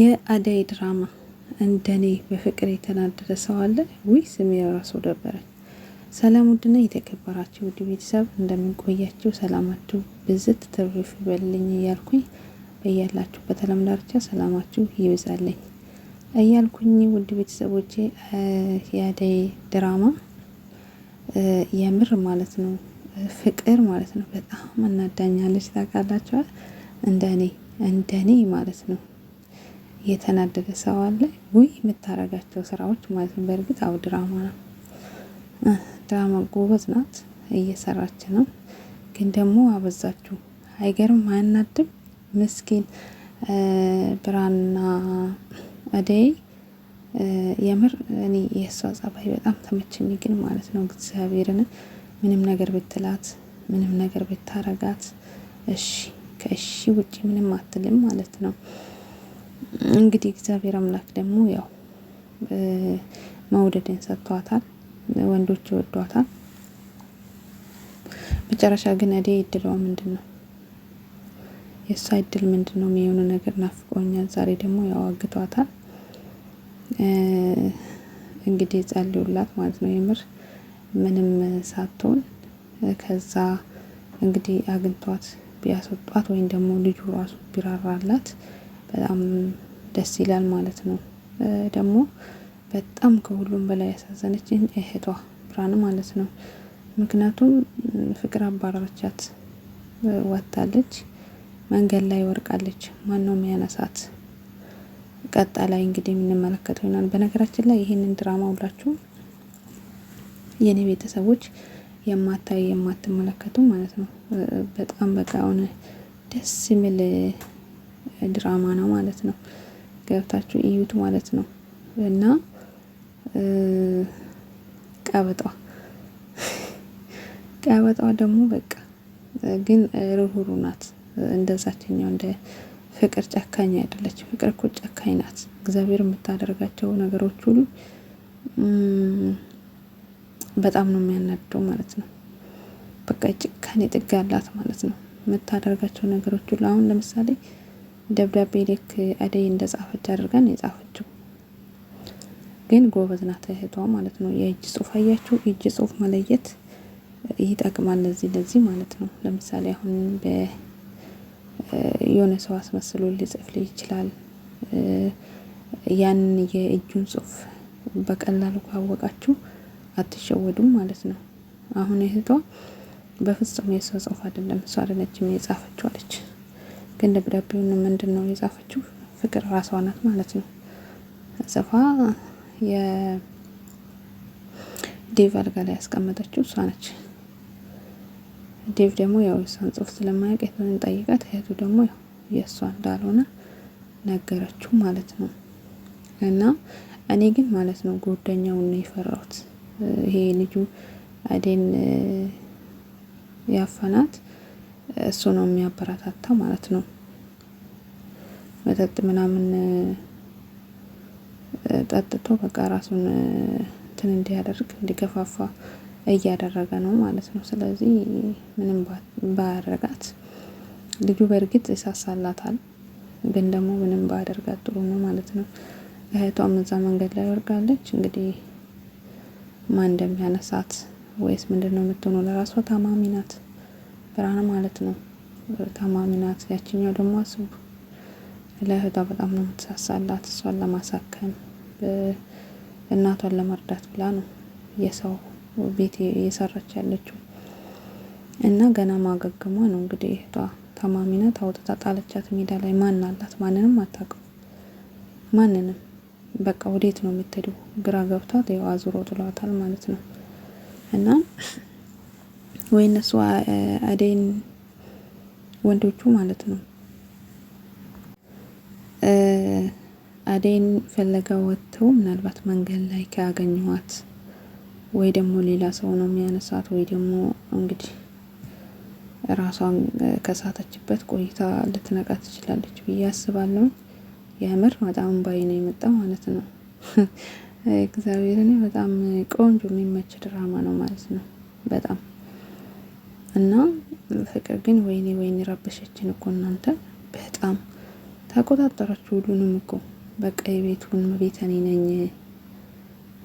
የአደይ ድራማ እንደኔ በፍቅር የተናደደ ሰው አለ ወይ? ስሜ ራሱ ደበረኝ። ሰላም ውድና የተከበራችሁ ውድ ቤተሰብ እንደምንቆያችሁ ሰላማችሁ ብዝት ትርፍ ይበልልኝ እያልኩኝ በያላችሁ በተለም ዳርቻ ሰላማችሁ ይብዛልኝ እያልኩኝ ውድ ቤተሰቦቼ የአደይ ድራማ የምር ማለት ነው ፍቅር ማለት ነው በጣም እናዳኛለች። ታውቃላችኋል እንደኔ እንደኔ ማለት ነው የተናደደ ሰው አለ። ውይ የምታረጋቸው ስራዎች ማለት ነው። በእርግጥ አው ድራማ ነው፣ ድራማ ጎበዝ ናት፣ እየሰራች ነው። ግን ደግሞ አበዛችሁ። አይገርም? አያናድም? ምስኪን ብራና አደይ የምር እኔ የእሷ ጸባይ በጣም ተመቸኝ። ግን ማለት ነው እግዚአብሔርን ምንም ነገር ብትላት ምንም ነገር ብታረጋት እሺ ከእሺ ውጪ ምንም አትልም ማለት ነው። እንግዲህ እግዚአብሔር አምላክ ደግሞ ያው መውደድን ሰጥቷታል። ወንዶች ይወዷታል። መጨረሻ ግን እዴ እድሏ ምንድን ነው? የእሷ እድል ምንድን ነው? የሆነ ነገር ናፍቆኛል። ዛሬ ደግሞ ያው አግቷታል። እንግዲህ ጸልዩላት ማለት ነው። የምር ምንም ሳትሆን ከዛ እንግዲህ አግኝቷት ቢያስወጧት ወይም ደግሞ ልጁ ራሱ ቢራራላት በጣም ደስ ይላል ማለት ነው። ደግሞ በጣም ከሁሉም በላይ ያሳዘነች እህቷ ብርሃን ማለት ነው። ምክንያቱም ፍቅር አባራቻት ወጥታለች መንገድ ላይ ወርቃለች። ማነው የሚያነሳት? ቀጣ ላይ እንግዲህ የምንመለከተው ይሆናል። በነገራችን ላይ ይህንን ድራማ ሁላችሁ የኔ ቤተሰቦች የማታይ የማትመለከቱ ማለት ነው በጣም በቃ ደስ የሚል ድራማ ነው ማለት ነው። ገብታችሁ እዩት ማለት ነው። እና ቀበጧ ቀበጧ ደግሞ በቃ ግን ርሁሩ ናት። እንደዛችኛው እንደ ፍቅር ጨካኝ አይደለች። ፍቅር እኮ ጨካኝ ናት። እግዚአብሔር የምታደርጋቸው ነገሮች ሁሉ በጣም ነው የሚያናድደው ማለት ነው። በቃ ጭካኔ ጥግ ያላት ማለት ነው። የምታደርጋቸው ነገሮች ሁሉ አሁን ለምሳሌ ደብዳቤ ልክ አደይ እንደጻፈች አድርገን የጻፈችው ግን ጎበዝ ናት እህቷ ማለት ነው። የእጅ ጽሁፍ አያችሁ፣ የእጅ ጽሁፍ መለየት ይጠቅማል። ለዚህ ለዚህ ማለት ነው። ለምሳሌ አሁን የሆነ ሰው አስመስሎ ሊጽፍ ይችላል። ያን የእጁን ጽሁፍ በቀላሉ ካወቃችሁ አትሸወዱም ማለት ነው። አሁን እህቷ በፍጹም የሰው ጽሁፍ አይደለም እሷ አይደለችም የጻፈችው አለች። ግን ደብዳቤውን ምንድን ነው የጻፈችው? ፍቅር ራሷ ናት ማለት ነው ጽፋ የዴቭ አልጋ ላይ ያስቀመጠችው እሷ ነች። ዴቭ ደግሞ ያው እሷን ጽሁፍ ስለማያውቅ እህቱን ጠይቃት፣ እህቱ ደግሞ የእሷ እንዳልሆነ ነገረችው ማለት ነው። እና እኔ ግን ማለት ነው ጓደኛውን ነው የፈራሁት። ይሄ ልጁ አዴን ያፈናት እሱ ነው የሚያበረታታው ማለት ነው። መጠጥ ምናምን ጠጥቶ በቃ ራሱን እንትን እንዲያደርግ እንዲገፋፋ እያደረገ ነው ማለት ነው። ስለዚህ ምንም ባያደርጋት ልጁ በእርግጥ ይሳሳላታል፣ ግን ደግሞ ምንም ባያደርጋት ጥሩ ነው ማለት ነው። እህቷም እዛ መንገድ ላይ ወርጋለች። እንግዲህ ማን እንደሚያነሳት ወይስ ምንድን ነው የምትሆነው? ለራሷ ታማሚ ናት። ብርሃን ማለት ነው ታማሚ ናት። ያችኛው ደግሞ አስቡ ለእህቷ በጣም ነው የምትሳሳላት። እሷን ለማሳከም እናቷን ለመርዳት ብላ ነው የሰው ቤት እየሰራች ያለችው እና ገና ማገገሟ ነው እንግዲህ እህቷ ታማሚ ናት። አውጥታ ጣለቻት ሜዳ ላይ። ማን አላት? ማንንም አታውቅም። ማንንም በቃ ወዴት ነው የምትሄደው? ግራ ገብቷት ያው አዙሮ ጥሏታል ማለት ነው እና ወይ እነሱ አደይን ወንዶቹ ማለት ነው አደይን ፈለጋ ወጥተው ምናልባት መንገድ ላይ ካገኘኋት ወይ ደግሞ ሌላ ሰው ነው የሚያነሳት ወይ ደግሞ እንግዲህ ራሷን ከሳተችበት ቆይታ ልትነቃ ትችላለች ብዬ አስባለሁ። የምር በጣም ባይ ነው የመጣ ማለት ነው። እግዚአብሔርን በጣም ቆንጆ የሚመች ድራማ ነው ማለት ነው በጣም እና ፍቅር ግን ወይኔ ወይኔ ረበሸችን እኮ እናንተ በጣም ተቆጣጠራችሁ ሁሉንም እኮ በቃ የቤቱን ቤት እኔ ነኝ።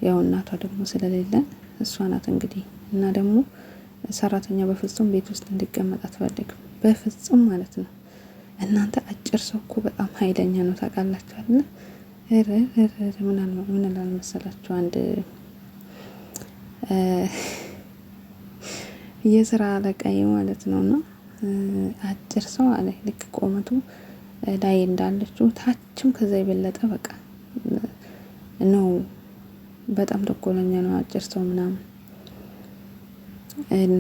ያው እናቷ ደግሞ ስለሌለ እሷ ናት እንግዲህ እና ደግሞ ሰራተኛ በፍጹም ቤት ውስጥ እንዲቀመጥ አትፈልግም፣ በፍጹም ማለት ነው። እናንተ አጭር ሰው እኮ በጣም ኃይለኛ ነው ታውቃላችሁ አይደለ? ምን ላል መሰላችሁ አልመሰላችሁ አንድ የስራ አለቃዬ ማለት ነው። እና አጭር ሰው አለ ልክ ቆመቱ ላይ እንዳለችው ታችም ከዛ የበለጠ በቃ ነው። በጣም ተኮለኛ ነው አጭር ሰው ምናምን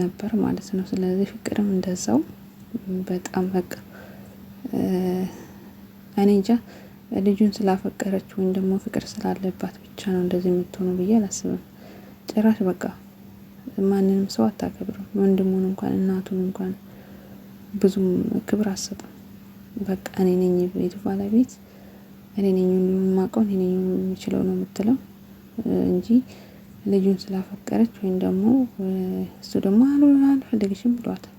ነበር ማለት ነው። ስለዚህ ፍቅርም እንደዛው በጣም በቃ እኔ እንጃ ልጁን ስላፈቀረች ወይም ደግሞ ፍቅር ስላለባት ብቻ ነው እንደዚህ የምትሆነው ብዬ አላስብም። ጭራሽ በቃ ማንንም ሰው አታከብርም። ወንድሙን እንኳን እናቱን እንኳን ብዙም ክብር አሰጥም። በቃ እኔ ነኝ ቤቱ ባለቤት እኔ ነኝ ሁሉም የማውቀው እኔ ነኝ የምችለው ነው የምትለው እንጂ ልጁን ስላፈቀረች ወይም ደግሞ እሱ ደግሞ አሉ አልፈልግሽም ብሏታል።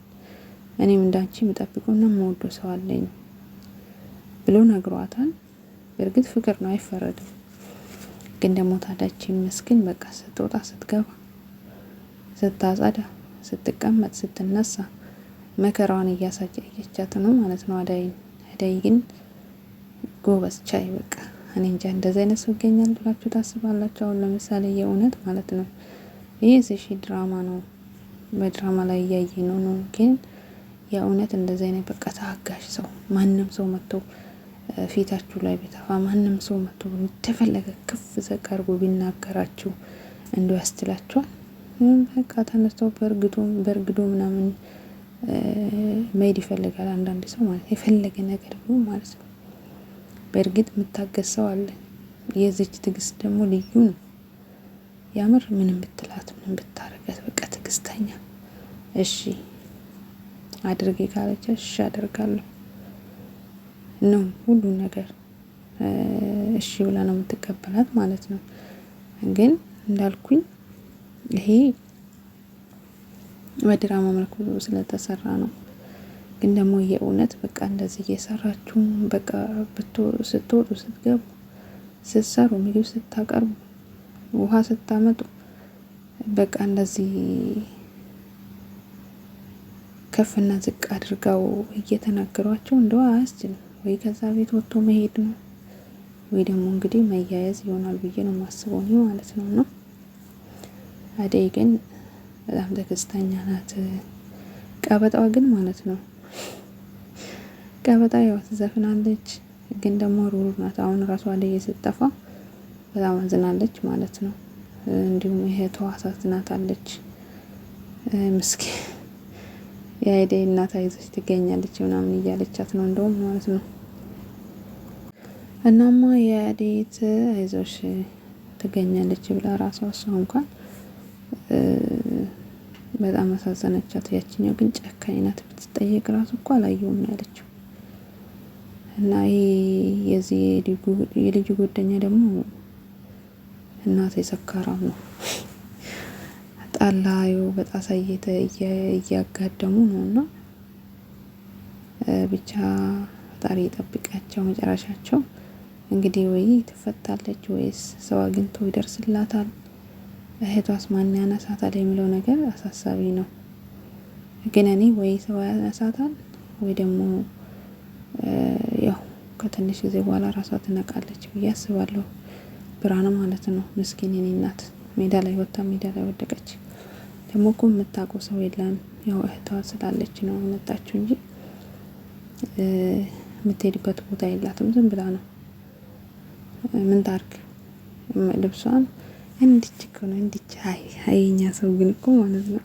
እኔም እንዳንቺ የምጠብቀውና የምወደው ሰው አለኝ ብሎ ነግሯታል። በእርግጥ ፍቅር ነው አይፈረድም። ግን ደግሞ ታዳች ይመስገን በቃ ስትወጣ ስትገባ ስታጸዳ፣ ስትቀመጥ፣ ስትነሳ መከራዋን እያሳየቻት ነው ማለት ነው። አደይ አደይ ግን ጎበዝ ቻይ በቃ እኔ እንጃ እንደዚ አይነት ሰው ይገኛል ብላችሁ ታስባላችሁ? አሁን ለምሳሌ የእውነት ማለት ነው ይህ እሺ ድራማ ነው፣ በድራማ ላይ እያየ ነው ነው። ግን የእውነት እንደዚ አይነት በቃ ታጋሽ ሰው ማንም ሰው መጥቶ ፊታችሁ ላይ ቢተፋ ማንም ሰው መጥቶ የተፈለገ ክፍ ዘቅ ቢናገራችሁ እንዲ እንዲያስችላችኋል። በቃ ተነስተው በእርግዶ ምናምን መሄድ ይፈልጋል አንዳንድ ሰው ማለት የፈለገ ነገር ብሎ ማለት ነው። በእርግጥ የምታገስ ሰው አለ። የዚች ትዕግስት ደግሞ ልዩ ነው። ያምር ምንም ብትላት ምንም ብታረጋት በቃ ትግስተኛ እሺ አድርጌ ካለች እሺ አደርጋለሁ ነው ሁሉን ነገር እሺ ብላ ነው የምትቀበላት ማለት ነው። ግን እንዳልኩኝ ይሄ በድራማ መልኩ ስለተሰራ ነው። ግን ደግሞ የእውነት በቃ እንደዚህ እየሰራችሁ በቃ ስትወጡ ስትገቡ ስትሰሩ ምግብ ስታቀርቡ ውሃ ስታመጡ በቃ እንደዚህ ከፍና ዝቅ አድርገው እየተናገሯቸው እንደው አያስችልም። ወይ ከዛ ቤት ወጥቶ መሄድ ነው ወይ ደግሞ እንግዲህ መያያዝ ይሆናል ብዬ ነው ማስበው ማለት ነው ነው አደይ ግን በጣም ተከስተኛ ናት። ቀበጣዋ ግን ማለት ነው ቀበጣ ያው ትዘፍናለች፣ ግን ደግሞ ሩሩ ናት። አሁን ራሱ አደይ ስትጠፋ በጣም አዝናለች ማለት ነው። እንዲሁም እህቷ አሳዝናታለች። ምስኪን የአደይ እናት አይዞች ትገኛለች ምናምን እያለቻት ነው እንደውም ማለት ነው። እናማ የአደይት አይዞሽ ትገኛለች ብላ ራሷ እሷ እንኳን በጣም አሳዘነቻት። ያችኛው ግን ጨካኝ ናት። ብትጠየቅ ራሱ እኮ አላየውም ያለችው። እና ይሄ የዚህ የልጁ ጓደኛ ደግሞ እናት የሰካራም ነው። ጣላዩ በጣሳ እያጋደሙ ነው እና ብቻ ፈጣሪ ጠብቃቸው መጨረሻቸው እንግዲህ ወይ ትፈታለች ወይስ ሰው አግኝቶ ይደርስላታል? እህቷስ ማን ያነሳታል የሚለው ነገር አሳሳቢ ነው። ግን እኔ ወይ ሰው ያነሳታል ወይ ደግሞ ያው ከትንሽ ጊዜ በኋላ ራሷ ትነቃለች ብዬ አስባለሁ። ብርሃን ማለት ነው። ምስኪን የኔ እናት ሜዳ ላይ ወጥታ ሜዳ ላይ ወደቀች። ደግሞ እኮ የምታውቀው ሰው የለም። ያው እህቷ ስላለች ነው የመጣችው እንጂ የምትሄድበት ቦታ የላትም። ዝም ብላ ነው። ምን ታርግ? ልብሷን እንድች እኮ ነው እንድች። አይ አይ እኛ ሰው ግን እኮ ማለት ነው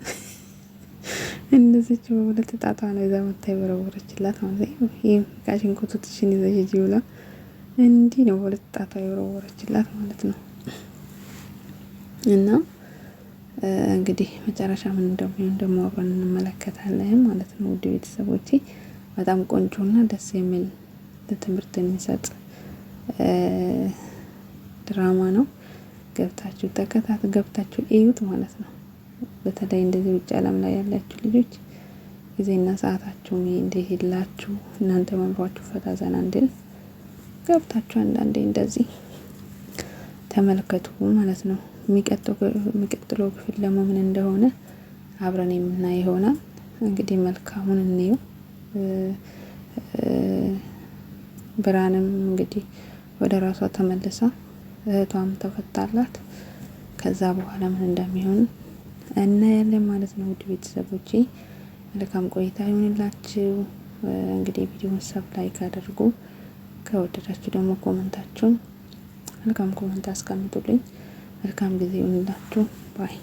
እንደዚች በሁለት ጣጣ ነው ይዛ መታ የወረወረችላት ማለት ነው። ይሄ ጋሽን ኮቶትሽን ይዘሽ ሂጂ ብላ እንዲ ነው በሁለት ጣጣ የወረወረችላት ማለት ነው። እና እንግዲህ መጨረሻ ምን እንደሚሆን ደግሞ አብረን እንመለከታለን ማለት ነው። ውድ ቤተሰቦቼ በጣም ቆንጆና ደስ የሚል ለትምህርት የሚሰጥ ድራማ ነው። ገብታችሁ ተከታት ገብታችሁ እዩት ማለት ነው። በተለይ እንደዚህ ውጭ ዓለም ላይ ያላችሁ ልጆች ጊዜና ሰዓታችሁ እንደሄላችሁ እናንተ መምሯችሁ ፈታ ዘና እንድል ገብታችሁ አንዳንዴ እንደዚህ ተመልከቱ ማለት ነው። የሚቀጥለው ክፍል ደግሞ ምን እንደሆነ አብረን የምናየው ይሆናል። እንግዲህ መልካሙን እንየው። ብርሃንም እንግዲህ ወደ ራሷ ተመልሳ እህቷም ተፈታላት። ከዛ በኋላ ምን እንደሚሆን እናያለን ማለት ነው። ውድ ቤተሰቦቼ መልካም ቆይታ ይሆንላችሁ። እንግዲህ ቪዲዮን ሰብ ላይክ አድርጉ፣ ከወደዳችሁ ደግሞ ኮመንታችሁን መልካም ኮመንት አስቀምጡልኝ። መልካም ጊዜ ይሆንላችሁ ባይ